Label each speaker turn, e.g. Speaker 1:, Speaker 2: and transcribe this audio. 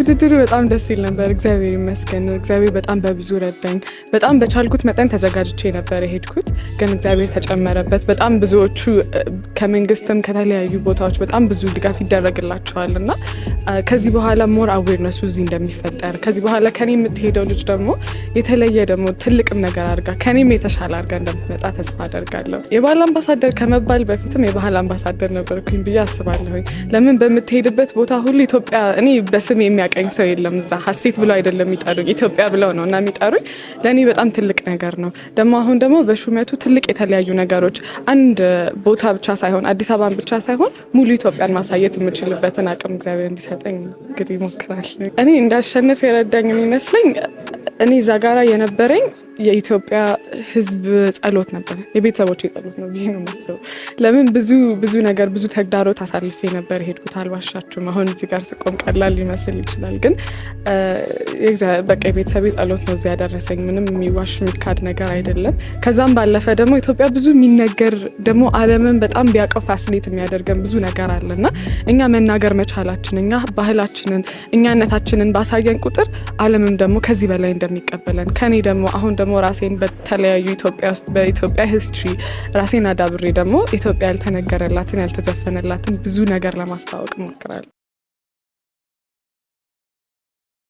Speaker 1: ውድድሩ በጣም ደስ ይል ነበር። እግዚአብሔር ይመስገን። እግዚአብሔር በጣም በብዙ ረዳኝ። በጣም በቻልኩት መጠን ተዘጋጅቼ ነበር የሄድኩት፣ ግን እግዚአብሔር ተጨመረበት። በጣም ብዙዎቹ ከመንግስትም ከተለያዩ ቦታዎች በጣም ብዙ ድጋፍ ይደረግላቸዋል እና ከዚህ በኋላ ሞር አዌርነሱ እዚህ እንደሚፈጠር ከዚህ በኋላ ከኔ የምትሄደው ልጅ ደግሞ የተለየ ደግሞ ትልቅም ነገር አድርጋ ከኔም የተሻለ አድርጋ እንደምትመጣ ተስፋ አደርጋለሁ። የባህል አምባሳደር ከመባል በፊትም የባህል አምባሳደር ነበርኩኝ ብዬ አስባለሁኝ። ለምን በምትሄድበት ቦታ ሁሉ ኢትዮጵያ እኔ በስም የሚያ የሚያቀኝ ሰው የለም። እዛ ሀሴት ብለው አይደለም የሚጠሩኝ ኢትዮጵያ ብለው ነው እና የሚጠሩኝ ለእኔ በጣም ትልቅ ነገር ነው። ደግሞ አሁን ደግሞ በሹመቱ ትልቅ የተለያዩ ነገሮች አንድ ቦታ ብቻ ሳይሆን አዲስ አበባን ብቻ ሳይሆን ሙሉ ኢትዮጵያን ማሳየት የምችልበትን አቅም እግዚአብሔር እንዲሰጠኝ እንግዲህ ይሞክራል። እኔ እንዳሸንፍ የረዳኝ የሚመስለኝ እኔ እዛ ጋራ የነበረኝ የኢትዮጵያ ሕዝብ ጸሎት ነበር፣ የቤተሰቦች ጸሎት ነው ብዬ ነው የማስበው። ለምን ብዙ ብዙ ነገር ብዙ ተግዳሮት አሳልፌ ነበር ሄድኩት። አልባሻችሁም አሁን እዚህ ጋር ስቆም ቀላል ሊመስል ይችላል፣ ግን በቃ የቤተሰብ ጸሎት ነው እዚያ ያደረሰኝ። ምንም የሚዋሽ የሚካድ ነገር አይደለም። ከዛም ባለፈ ደግሞ ኢትዮጵያ ብዙ የሚነገር ደግሞ ዓለምን በጣም ቢያውቀው ፋሲኔት የሚያደርገን ብዙ ነገር አለ እና እኛ መናገር መቻላችን እኛ ባህላችንን እኛነታችንን ባሳየን ቁጥር ዓለምም ደግሞ ከዚህ በላይ እንደ እንደሚቀበለን ከኔ ደግሞ አሁን ደግሞ ራሴን በተለያዩ ኢትዮጵያ ውስጥ በኢትዮጵያ ሂስትሪ ራሴን አዳብሬ ደግሞ ኢትዮጵያ ያልተነገረላትን ያልተዘፈነላትን ብዙ ነገር ለማስታወቅ እሞክራለሁ።